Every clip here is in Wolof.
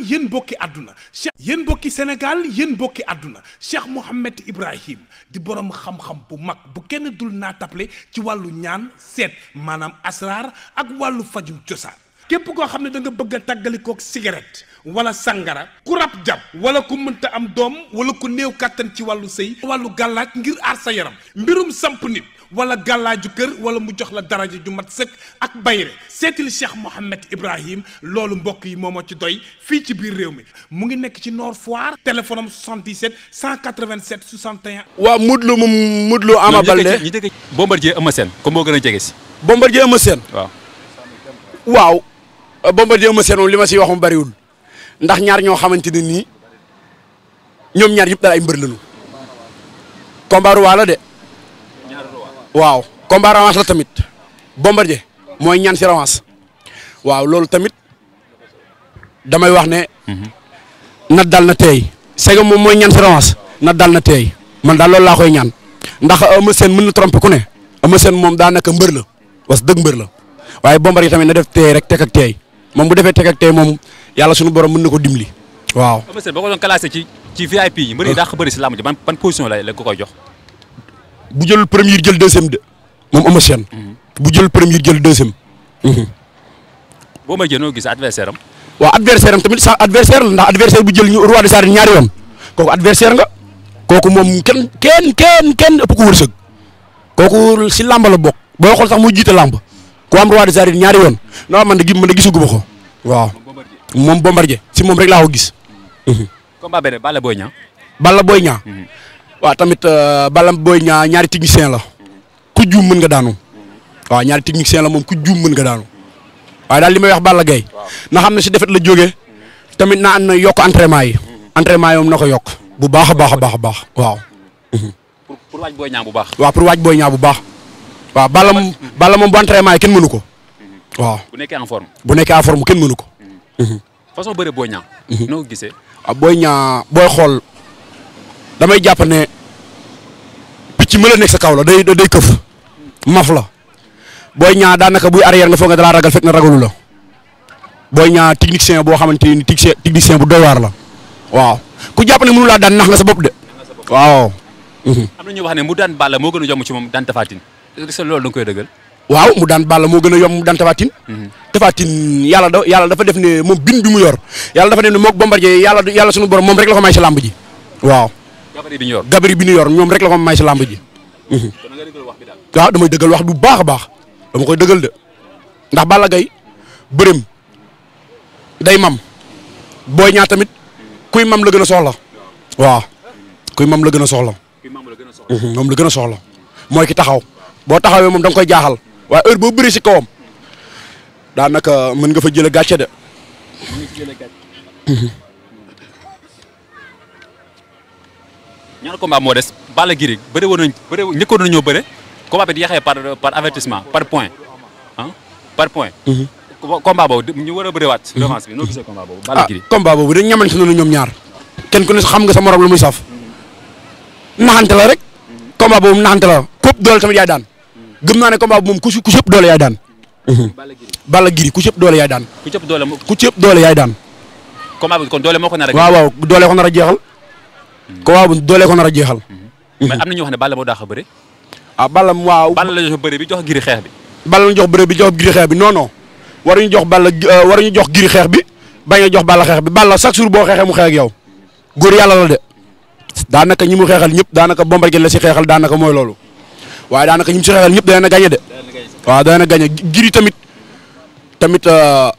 yéen bokki àdduna cheikh yéen bokki sénégal yéen bokki àdduna cheikh mohammed ibrahim di borom xam-xam bu mag bu kenn dul naa taple ci wàllu ñaan seet maanaam asraar ak wàllu fajum cosaan képp koo xam ne da nga bëgg a tàggalikook cigarette wala sangara ku rab jàpp wala ku mënta am doom wala ku néew kàttan ci wàllu sëy wàllu gàllaaj ngir aar sa yaram mbirum samp nit wala gàllaaju kër wala mu jox la daraja ju mat sëkk ak bayre seetil Cheikh Mouhamed Ibrahim loolu mbokk yi moom moo ci doy fii ci biir réew mi mu ngi nekk ci Nord Foire téléphone am 77 187 61. waaw Modou Lo moom Modou Lo Ama Baldé ñi dëkk Bombardier Eumeu Sène comme moo gën a jege si. Bombardier Eumeu seen waaw. waaw. Bombardier Eumeu Sène moom li ma si wax mu bariwul ndax ñaar ñoo xamante ne nii ñoom ñaar yëpp daal ay mbër lañu. combat la de. waaw combat revanche la tamit Bombardier mooy ñaan si revanche waaw loolu tamit damay wax ne. Mhm. na dal na teey sega moom mooy ñaan si revanche na dal na teey man daal loolu laa koy ñaan ndax Eumeu Sène mën na tromper ku ne Eumeu Sène moom daanaka mbër la was dëgg mbër la waaye Bombardier tamit na def teey rek teg ak teey moom bu defee teg ak teey moom yàlla suñu borom mën na ko dimli waaw. boo ko doon classé ci VIP yi. mbër yi euh. dàq bëri si làmb ji ko jox. bu jël premier jël deuxième de moom Eumeu Sène bu jël premier jël deuxième. boo may jënoo gis adversaire am. waaw adversaire am tamit sa adversaire la ndax adversaire bu jël ñu roi des arènes ñaari yoon kooku adversaire nga kooku moom kenn kenn kenn kenn ëpp ko wërsëg kooku si làmb la bokk boo xool sax muy jiite làmb ku am roi des ñaari yoon non man de gi man de gisaguma ko waaw. moom Bombardier si moom rek laa ko gis. combat benn Balla Boy Niang. Balla Boy Niang. Mhm. waaw tamit euh, balam booy ñaa ñaari technicien la ku juum mën nga daanu waaw ñaari technicien la moom ku juum mën nga daanu waaye daal li may wax Balla Gaye na xam ne si defet la jógee tamit na am na yokk entraînement yi entraînement yoom na ko yokk bu baax a baax a baax a baax waaw. Mhm. pour pour waaj booy ñaa bu baax. waaw pour waaj booy ñaa bu baax. waaw Balla moom Balla moom bu entraînement yi kenn mënu ko. Mhm. waaw bu nekkee en bu nekkee en forme kenn mënu ko. Mhm. façon bëre booy ñaa. booy ñaa booy xool. damay jàppane ne picc mën nekk sa kaw la day day këf maf la booy ñaa daanaka buy arrière nga foog nga dalaa ragal fekk na ragalu la booy ñaa technicien boo xamante ni technicien bu doy waar la waaw ku jàpp ne mënu laa daan nax nga sa bopp de waaw. Mhm. am ñu wax ne mu daan baal moo gën a ci moom daan Tapha Tine loolu da nga koy moo gën a yomb mu daan mhm. Tapha Tine. yàlla da yàlla dafa def ne moom bin bi mu yor yàlla dafa def ne moog Bombardier yàlla yàlla sunu borom moom rek la ko may si làmb ji waaw. gabari bi ñu yor gabari bi ñu yor ñoom rek la ko may si làmb ji. Mhm. waaw damay dëggal wax bu baax a baax dama koy dëggal de ndax Balla Gaye bërëm day mam booy ñaa tamit kuy mam la gën a soxla waaw kuy mam la gën a soxla. Mhm, moom la gën a soxla mooy ki taxaw boo taxawee moom da koy jaaxal waaye heure boo bëri si kawam daanaka mën nga fa jëlee gàcce de. ñoo na combat moo des Balla Giri bëri woon nañ bëri ñëkkoon nañoo bëre combat bi di yéexee par par mhm. boobu ñu war a bëriwaat mhm. revanche ah, ñoom ñaar kenn ku ne xam nga sa morom lu muy saf naxante la rek mhm. combat boobu naxante la képp doole tamit yaay daan gëm naa ne combat bu moom ku ku cëpp doole yaay daan Balla Giri ku cëpp doole doole yaay daan a waaw waaw doole ko nar a jeexal ko waaw doolee ko nar a jeexal. Mm-hmm. mais am na ñoo xam ne Balla moo daax a bëre. ah Balla waaw. Balla la jox bëre bi jox giri xeex bi. Balla la jox bëre bi jox giri xeex bi non non waruñu jox Balla euh, waruñu jox giri xeex bi bañ a jox Balla xeex bi Balla chaque jour boo xeexee mu xeex ak yow góor yàlla la de daanaka ñi mu xeexal ñëpp daanaka Bombardier la si xeexal daanaka mooy loolu waaye daanaka ñi mu si xeexal ñëpp dana gañe de. waaw dana gañe giri tamit tamit euh,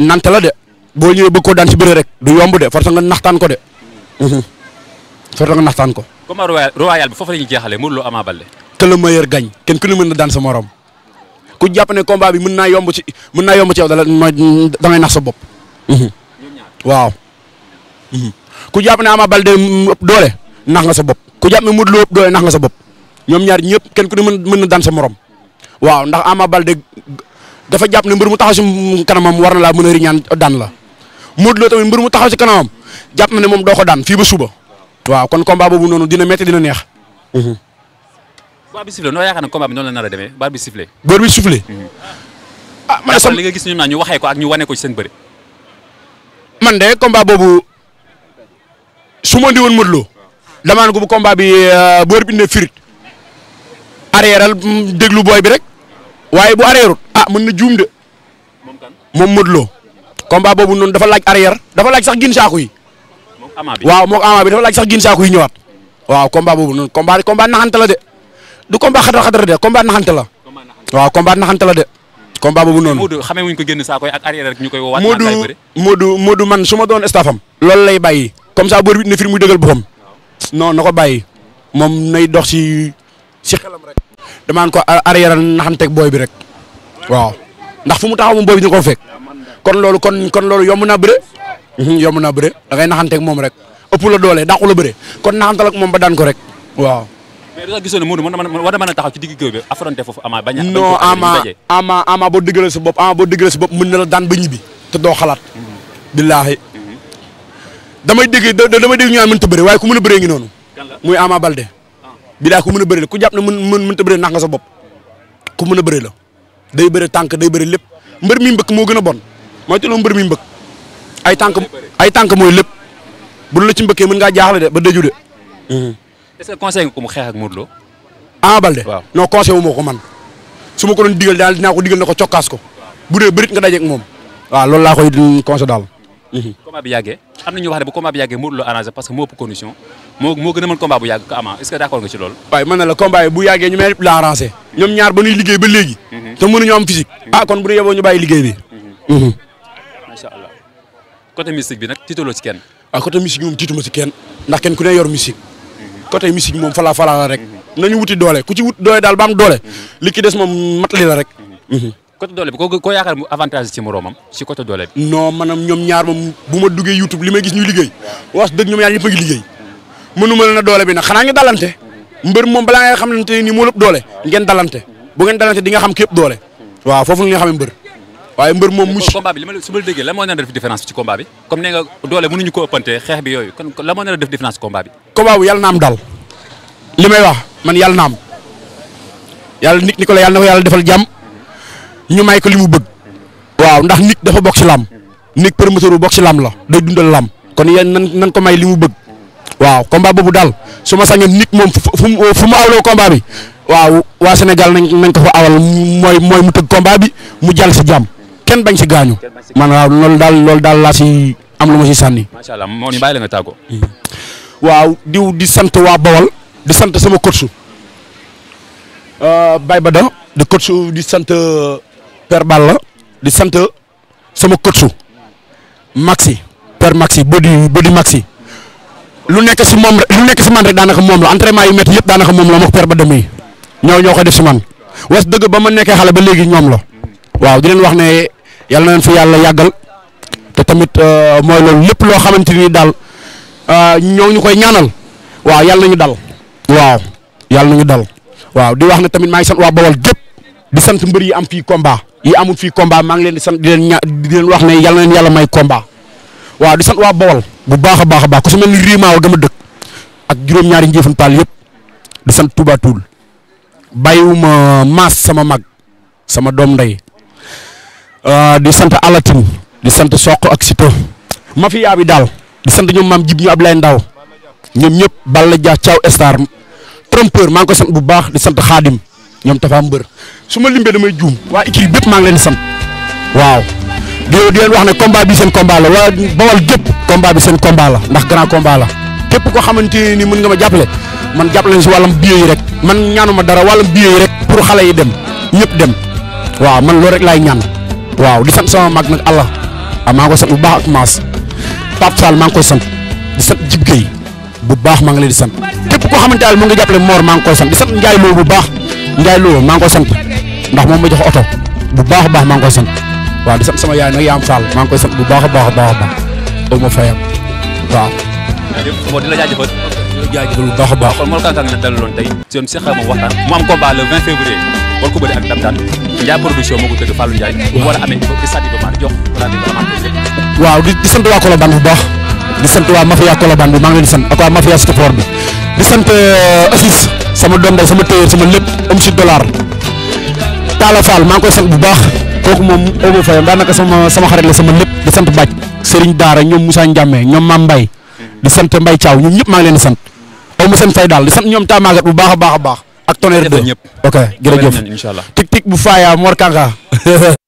nante la de boo ñëwee bëgg ko rek du yomb de force nga naxtaan ko de mm-hmm. soo nga naxtaan ko. combat royal bi foofu la ñuy jeexalee Modou Lo Ama Baldé. que le meilleur gagne kenn ku ne mën na daan sa morom ku jàpp ne combat bi mën naa yomb ci mën naa yomb ci yow nax sa bopp. Mhm. waaw. Mhm. jàpp ne Ama Baldé ëpp doole nax nga sa bopp ku jàpp ne Modou doole nax nga sa bopp ñoom ñaar ñëpp ken ku ne mën mën na daan sa morom waaw ndax Ama Baldé dafa jàpp ne mbër mu taxa si kanamam war na laa mën a riñaan daan la Modou Lo tamit mbër mu taxaw si kanamam jàpp na ne moom doo ko daan fii ba suba. waaw kon combat boobu noonu dina métti dina neex. Mhm. baar bi sifflé ne combat bi noonu a demee baar bi sifflé. baar bi sifflé. Mhm. ah man li nga gis ñu naan ñu waxee ko ñu wane ko ci seen de combat boobu su ma ndiwoon Modou Lo damaa ko bu combat bi euh, boor bi ne firit arrièreal mm, déglu booy bi rek waaye bu arrièreut a ah, mën na juum de moom Modou Lo boobu noonu dafa laaj arrière dafa laaj sax gin saako yi. waaw moog ama bi dafa laaj sax gin saako yi ñëwaat waaw combat boobu noonu combat combat naxante la de du combat xadar xadar de combat naxante la waaw combat naxante la de combat boobu noonu Modou xamee wuñ ko génn saako yi man su ma doon staffam loolu lay bàyyi comme ça bër bi ne fir muy dëgal boppam non na ko bàyyi moom nay dox si si xelam rek ko arrière naxanteeg booy bi rek waaw ndax fu mu taxaw moom booy bi ñu ko fekk kon loolu yomb naa bëre Mhm, yomb naa bëre da ngay naxanteeg moom rek ëpp la doole dàqu la bëre kon naxantal ak moom ba daan ko rek waaw. mais da nga gisoon ne Modou man war na mën a taxaw ci digg géew bi affronté foofu Ama Ama Ama Ama boo dëggalee sa bopp Ama boo dëggalee sa bopp mën na la daan ba ñibbi te doo xalaat. Mhm. billaahi. Mhm. damay dégg damay dégg ñu naan mënut a bëre waaye ku mën a bëree ngi noonu. muy Ama Balde. Ah. billaahi ku mën a bëre la ku jàpp ne mën mën mënut a bëree nax sa bopp ku mën a bëre la day bëre tànk day bëre lépp mbër mi mbëkk moo gën a bon mooy te loo mbër mi mbëkk ay tànk ay tànk mooy lépp bu la ci mbëkkee mën ngaa jaaxle de ba dëju de. Mhm. est-ce que conseil nga ko mu xeex ak Modou Lo. Ama Baldé waaw non conseil wu ma ko man su ma ko doon digal daal dinaa ko digal na ko cokkaas ko bu dee bërit nga dajeeg moom. waaw loolu laa koy conseil daal. Mhm. combat bi yàggee am na ñu wax ne bu combat bi yàggee Modou Lo arrangé parce que moo ëpp condition moo moo gën a mën combat bu yàgg ko Ama est-ce que d'accord nga ci loolu. waaye man na la combat yi bu yàggee ñu mel la arrangé. ñoom ñaar ba ñuy liggéey ba léegi. Mhm. te mënuñu am physique. ah kon bu ñu yeboo ñu bàyyi liggéey bi. côté musique bi nag tiitaloo ci kenn. waaw ah, côté musique moom tiituma ci kenn ndax kenn ku ne yor musique côté musique moom falaa falaa rek nañu wuti doole ku ci wut doole daal ba am doole li ki des moom matali la rek. Mhm. côté doole bi ko koo yaakaar mu avantage ci moroomam ci côté doole bi. non maanaam ñoom ñaar moom bu ma duggee YouTube li ma gis ñuy liggéey wax dëgg ñoom ñaar ñëpp a ngi liggéey mënuma leen a doole bi nag xanaa nga dalante mbër moom balaa nga xamante ni moo lépp doole ngeen dalante bu ngeen dalante di nga xam képp doole waaw foofu la nga xamee mbër waaye mbër moom mucc combat bi li ma su ma a def différence ci combat bi comme ko ëppante xeex bi yooyu kon la moo nar a def différence am daal li may wax man yàlla na am yàlla nit ni ko la yàlla na ko yàlla defal jàmm ñu may ko li mu bëgg waaw ndax nit dafa bokk si làmb nit promoteur bu bokk ci làmb la day dundal lam kon yéen nan nan ko may li mu bëgg waaw combat boobu daal su ma sañoon nit moom fu mu awloo combat bi waaw waa Sénégal nañ nañ ko fa awal mooy mooy mu tëgg combat bi mu jàll si jàmm kenn bañ si gaañu man waaw loolu daal loolu daal laa si am lu ma si sànni. macha allah moo ñu bàyyi la nga hmm. waaw diw di sant waa Bawol di sant sama coach euh, bay Bada di coach di sant euh, Père Balla di sant sama coach Maxi Père Maxi Bodi Bodi Maxi lu nekk si moom lu nekk si man rek daanaka moom la entraînement yu métti yëpp daanaka moom la moom Père Bada muy ñoo ñoo ko def si man was dëgg ba ma nekkee xale ba léegi ñoom la waaw di leen wax ne yal na leen fi yàlla yàggal te tamit euh, mooy loolu lépp loo xamante ni daal euh, ñoo ñu koy ñaanal waaw yal nañu dal. waaw yal nañu dal waaw di wax ne tamit maa sant waa Bawol gépp di sant mbër yi am fii combat yi amul fii combat maa ngi leen di sant di leen ña wax na leen yàlla may waaw di sant waa Bawol bu baax a baax a baax ku si mel ni Riimaaw maaw a dëkk ak juróom-ñaari njëfan paal yëpp di sant Touba Toul bàyyiwuma maas sama mag sama doom ndey Euh, di sant Alatine di sant Sokh ak Sito mafia bi daal di sant ñoom maam jib ñu Ablaye Ndaw ñoom ñëpp Balla Dia Thiaw Star trompeur maa ngi ko sant bu baax di sant Xaadim ñoom Tafa Mbër su ma limbee damay juum waa équipe bépp maa ngi leen sant waaw di leen wax ne combat bi seen combat la waa bawal gépp combat bi seen combat la ndax grand combat la képp koo xamante nii mën nga ma jàppale man jàppale si wàllam billet yi rek man ñaanuma dara wàllam billet rek pour xale yi dem ñëpp dem waaw man loolu laay ñaan. waaw di sant sama mag nag Allah ah maa ngi koy sant bu baax ak maas Pape Fall maa ngi koy sant di sant Jib Gueye bu baax maa ngi leen di sant képp koo xamante ne mu ngi jàppale Mor maa ngi koy sant di sant Ndiaye Lo bu baax Ndiaye Lo maa ngi koy sant ndax moom ma jox oto bu baax a baax maa ngi koy sant waaw di sant sama yaay nag Yaam Fall maa ngi koy sant bu baax a baax a baax a baax aw ma fayam waaw. jaajëf di la jaajëfal. jaajëfal bu baax a baax kon Mor Kang Kang la dalaloon tey. seen si xel ma waxtaan mu am combat le 20 février. war ko a amee ba stade Iba Mar waaw di di sant waa Colobane bu baax di sant waa mafia Colobane bi maa ngi leen di sant ak waa mafia sport bi di sant Assis euh, sama doom day sama téyéer sama lépp am si dollar Talla Fall maa ngi koy sant bu baax kooku moom omo fayam daanaka sama sama xarit la sama lépp di sant Baaj Serigne Daara ñoom musaa Ndiame ñoom Mame Mbaye di sant Mbaye Thiaw ñoom ñëpp maa ngi leen di sant aw ma seen fay daal di sant ñoom taamaagat bu baax a baax a baax ak tonnerre de ok jërëjëf tic tic bu faaya Mor Kanga